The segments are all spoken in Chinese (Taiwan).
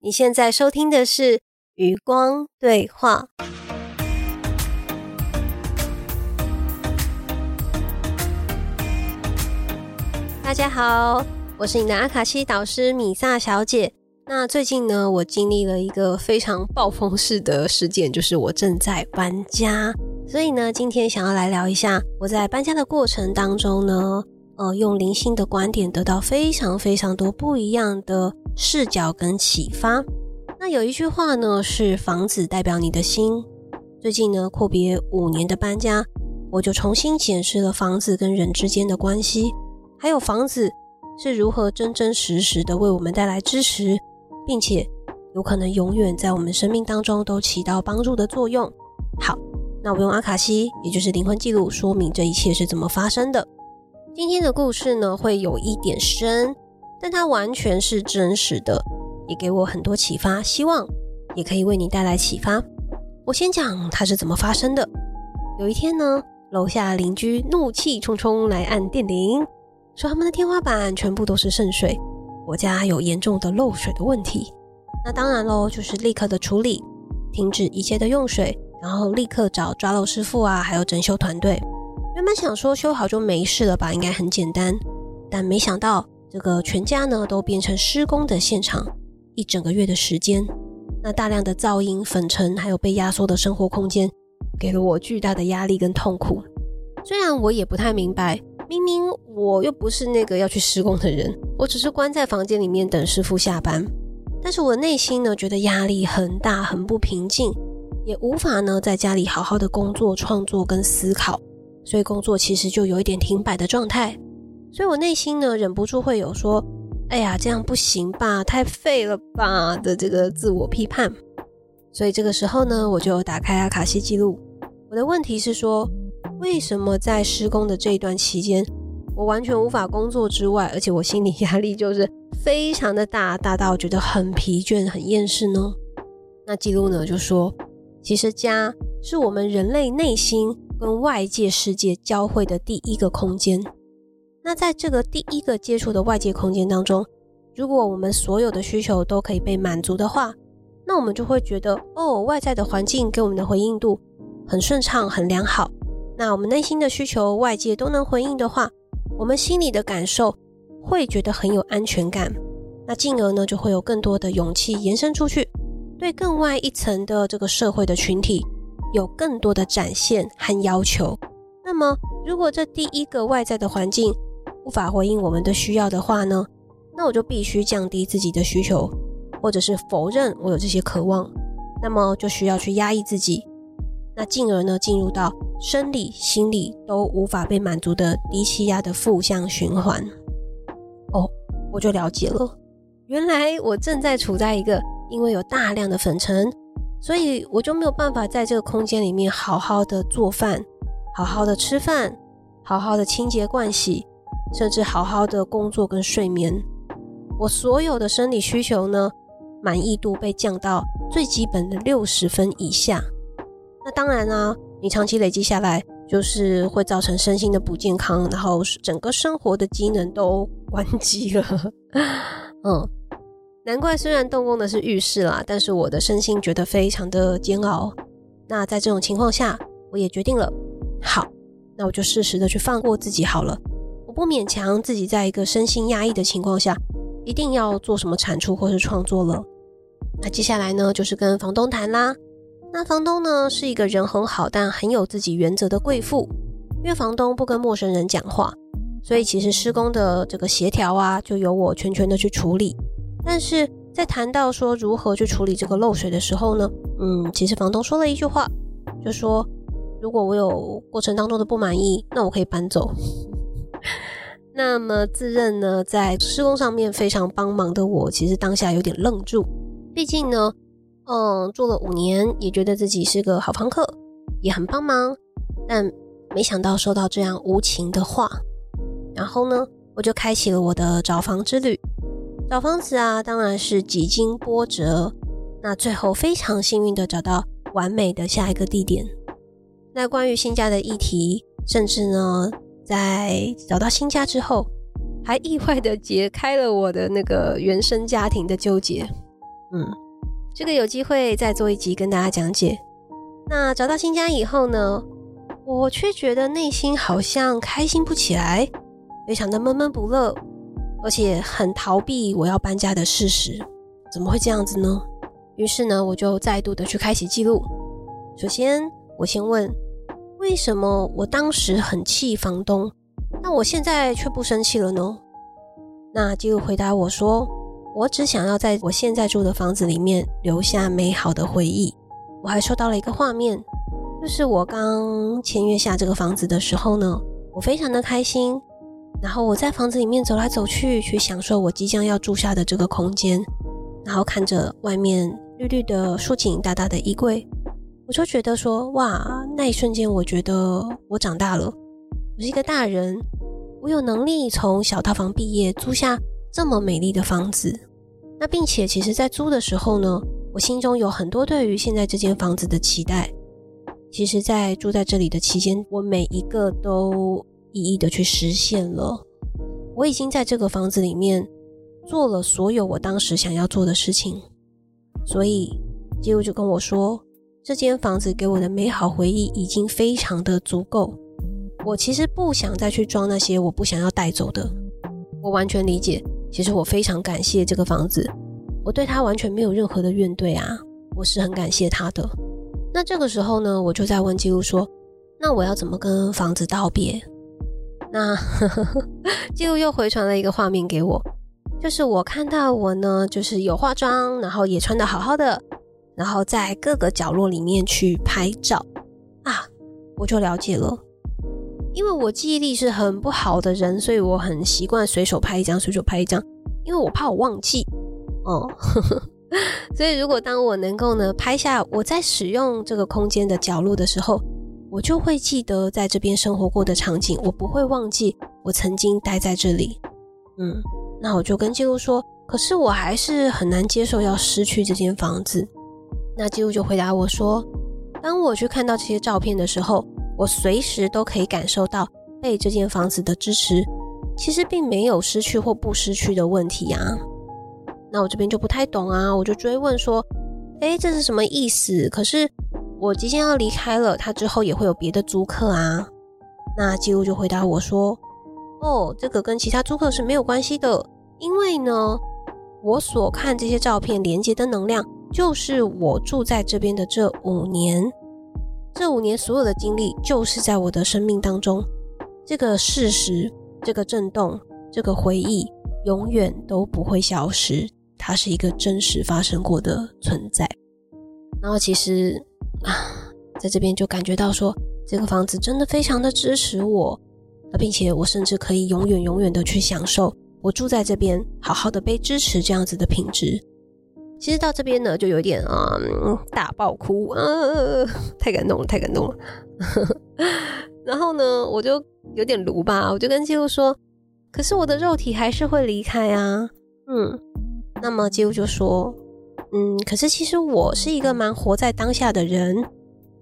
你現在收聽的是《與光對話》。大家好，我是你的阿卡西導師米薩小姐。那最近呢，我經歷了一個非常暴風式的事件，就是我正在搬家，所以呢，今天想要來聊一下我在搬家的過程當中呢，呃，用靈性的觀點得到非常非常多不一樣的視角跟啟發，那有一句話呢，是房子代表你的心。最近呢，闊別五年的搬家，我就重新檢視了房子跟人之間的關係，還有房子是如何真真實實的為我們帶來支持，並且有可能永遠在我們生命當中都起到幫助的作用。好，那我用阿卡西，也就是靈魂記錄，說明這一切是怎麼發生的。今天的故事呢，會有一點深。但它完全是真實的，也給我很多啟發，希望也可以為你帶來啟發。我先講它是怎麼發生的。有一天呢，樓下鄰居怒氣沖沖來按電鈴，說他們的天花板全部都是滲水，我家有嚴重的漏水的問題。那當然嘍，就是立刻的處理，停止一切的用水，然後立刻找抓漏師傅啊，還有整修團隊。原本想說修好就沒事了吧，應該很簡單，但沒想到。這個全家呢都變成施工的現場，一整個月的時間，那大量的噪音、粉塵，還有被壓縮的生活空間，給了我巨大的壓力跟痛苦。雖然我也不太明白，明明我又不是那個要去施工的人，我只是關在房間裡面等師傅下班，但是我內心呢覺得壓力很大，很不平靜，也無法呢在家裡好好的工作、創作跟思考，所以工作其實就有一點停擺的狀態。所以，我內心呢，忍不住會有說：“哎呀，這樣不行吧，太廢了吧的這個自我批判。”所以，這個時候呢，我就打開阿卡西記錄。我的問題是說，為什麼在施工的這一段期間，我完全無法工作之外，而且我心理壓力就是非常的大，大到覺得很疲倦、很厭世呢？那記錄呢就說：“其實家是我們人類內心跟外界世界交匯的第一個空間。”那在這個第一個接觸的外界空間當中，如果我們所有的需求都可以被滿足的話，那我們就會覺得，哦，外在的環境給我們的回應度很順暢、很良好。那我們內心的需求外界都能回應的話，我們心裡的感受會覺得很有安全感。那進而呢，就會有更多的勇氣延伸出去，對更外一層的這個社會的群體有更多的展現和要求。那麼，如果這第一個外在的環境，無法回應我們的需要的話呢？那我就必須降低自己的需求，或者是否認我有這些渴望。那麼就需要去壓抑自己，那進而呢，進入到生理、心理都無法被滿足的低氣壓的負向循環。哦，我就了解了。哦，原來我正在處在一個因為有大量的粉塵，所以我就沒有辦法在這個空間裡面好好的做飯、好好的吃飯、好好的清潔、盥洗，甚至好好的工作跟睡眠，我所有的生理需求呢，滿意度被降到最基本的六十分以下。那當然啦、啊，你長期累積下來，就是會造成身心的不健康，然後整個生活的機能都關機了。 嗯，難怪雖然動工的是浴室啦，但是我的身心覺得非常的煎熬。那在這種情況下，我也決定了，好，那我就適時的去放過自己好了。不勉強自己，在一個身心壓抑的情況下，一定要做什麼產出或是創作了。那接下來呢，就是跟房東談啦。那房東呢是一個人很好，但很有自己原則的貴婦。因為房東不跟陌生人講話，所以其實施工的這個協調啊，就由我全權的去處理。但是在談到說如何去處理這個漏水的時候呢，嗯，其實房東說了一句話，就說如果我有過程當中的不滿意，那我可以搬走。那麼自認呢，在施工上面非常幫忙的我，其實當下有點愣住。畢竟呢，嗯，住了五年，也覺得自己是個好房客，也很幫忙，但沒想到收到這樣無情的話。然後呢，我就開啟了我的找房之旅。找房子啊，當然是幾經波折，那最後非常幸運的找到完美的下一個地點。那關於新家的議題，甚至呢。在找到新家之後，還意外的解開了我的那個原生家庭的糾結。嗯，這個有機會再做一集跟大家講解。那找到新家以後呢，我卻覺得內心好像開心不起來，非常的悶悶不樂，而且很逃避我要搬家的事實。怎麼會這樣子呢？於是呢，我就再度的去開啟記錄。首先，我先問。為什麼我當時很氣房東，但我現在卻不生氣了呢？那紀錄回答我說，我只想要在我現在住的房子裡面留下美好的回憶。我還收到了一個畫面，就是我剛簽約下這個房子的時候呢，我非常的開心，然後我在房子裡面走來走去，去享受我即將要住下的這個空間，然後看着外面綠綠的樹景，大大的衣櫃。我就覺得說，哇，那一瞬間，我覺得我長大了，我是一個大人，我有能力從小套房畢業，租下這麼美麗的房子。那並且，其實，在租的時候呢，我心中有很多對於現在這間房子的期待。其實，在住在這裡的期間，我每一個都一一的去實現了。我已經在這個房子裡面做了所有我當時想要做的事情。所以，紀錄就跟我說，這間房子給我的美好回憶已經非常的足夠，我其實不想再去裝那些我不想要帶走的。我完全理解，其實我非常感謝這個房子，我對它完全沒有任何的怨懟啊，我是很感謝它的。那這個時候呢，我就在問記錄說：“那我要怎麼跟房子道別？”那 紀錄又回傳了一個畫面給我，就是我看到我呢，就是有化妝，然後也穿得好好的。然後在各個角落裡面去拍照啊，我就了解了。因為我記憶力是很不好的人，所以我很習慣隨手拍一張，隨手拍一張，因為我怕我忘記。哦，呵呵，所以如果當我能夠呢拍下我在使用這個空間的角落的時候，我就會記得在這邊生活過的場景，我不會忘記我曾經待在這裡。嗯，那我就跟紀錄說，可是我還是很難接受要失去這間房子。那記錄就回答我說：“當我去看到這些照片的時候，我隨時都可以感受到被這間房子的支持。其實並沒有失去或不失去的問題呀，啊。”那我這邊就不太懂啊，我就追問說：“哎，欸，這是什麼意思？”可是我即將要離開了，它之後也會有別的租客啊。那記錄就回答我說：“哦，這個跟其他租客是沒有關係的，因為呢，我所看這些照片連接的能量。”就是我住在這邊的這五年，這五年所有的經歷，就是在我的生命當中，這個事實、這個震動、這個回憶，永遠都不會消失。它是一個真實發生過的存在。然後其實啊，在這邊就感覺到說，這個房子真的非常的支持我啊，並且我甚至可以永遠、永遠的去享受我住在這邊，好好的被支持這樣子的品質。其實到這邊呢，就有點嗯大爆哭，嗯、啊，太感動了，太感動了。 然後呢，我就有點盧吧，我就跟紀錄說：“可是我的肉體還是會離開啊。”嗯，那麼紀錄就說：“嗯，可是其實我是一個蠻活在當下的人。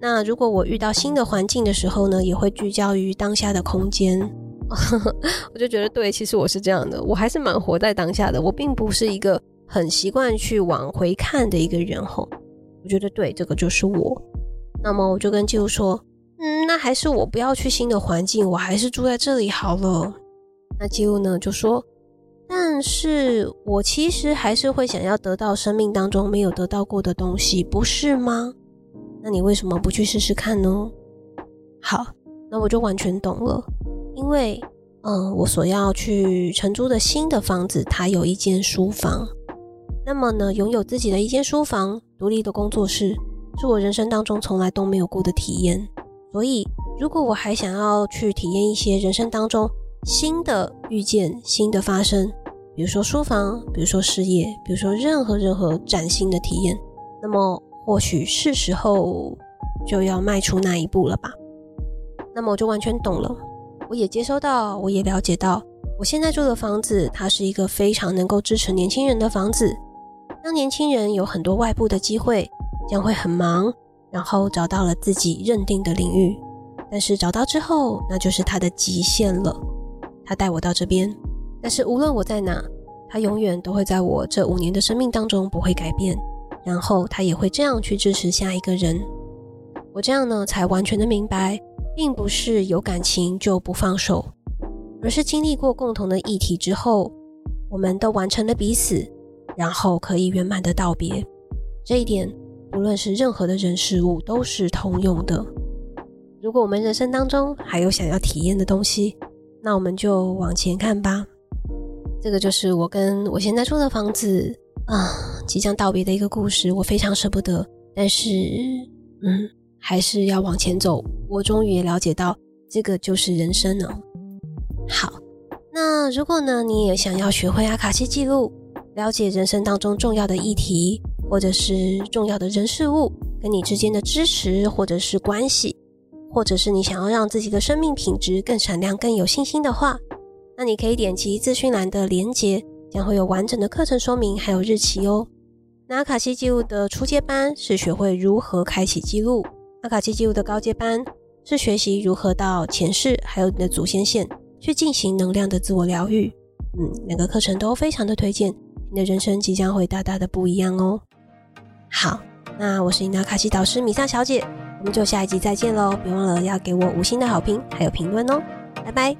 那如果我遇到新的環境的時候呢，也會聚焦於當下的空間。 ”我就覺得對，其實我是這樣的，我還是蠻活在當下的，我並不是一個。很習慣去往回看的一個人後，我覺得對，這個就是我。那麼我就跟紀錄說：“嗯，那還是我不要去新的環境，我還是住在這裡好了。那”那紀錄呢就說：“但是我其實還是會想要得到生命當中沒有得到過的東西，不是嗎？那你為什麼不去試試看呢？”好，那我就完全懂了，因為嗯，我所要去承租的新的房子，它有一間書房。那麼呢，擁有自己的一間書房、獨立的工作室，是我人生當中從來都沒有過的體驗。所以，如果我還想要去體驗一些人生當中新的遇見、新的發生，比如說書房，比如說事業，比如說任何任何嶄新的體驗，那麼或許是時候就要邁出那一步了吧。那麼我就完全懂了，我也接收到，我也了解到，我現在住的房子，它是一個非常能夠支持年輕人的房子。當年輕人有很多外部的機會，將會很忙，然後找到了自己認定的領域，但是找到之後，那就是他的極限了。他帶我到這邊，但是無論我在哪，他永遠都會在我這五年的生命當中不會改變。然後他也會這樣去支持下一個人。我這樣呢，才完全的明白，並不是有感情就不放手，而是經歷過共同的議題之後，我們都完成了彼此。然後可以圓滿的道別，這一點無論是任何的人事物都是通用的。如果我們人生當中還有想要體驗的東西，那我們就往前看吧。這個就是我跟我現在住的房子啊，即將道別的一個故事，我非常捨不得，但是嗯，還是要往前走。我終於也了解到，這個就是人生了。好，那如果呢，你也想要學會阿卡西記錄。了解人生當中重要的議題，或者是重要的人事物，跟你之間的支持，或者是關係，或者是你想要讓自己的生命品質更閃亮、更有信心的話，那你可以點擊資訊欄的連接，將會有完整的課程說明，還有日期哦。那阿卡西記錄的初階班是學會如何開啟記錄，阿卡西記錄的高階班是學習如何到前世，還有你的祖先線去進行能量的自我療愈。嗯，兩個課程都非常的推薦。你的人生即將會大大的不一樣哦！好，那我是阿卡西導師米薩小姐，我們就下一集再見嘍！別忘了要給我五星的好評還有評論哦，拜拜。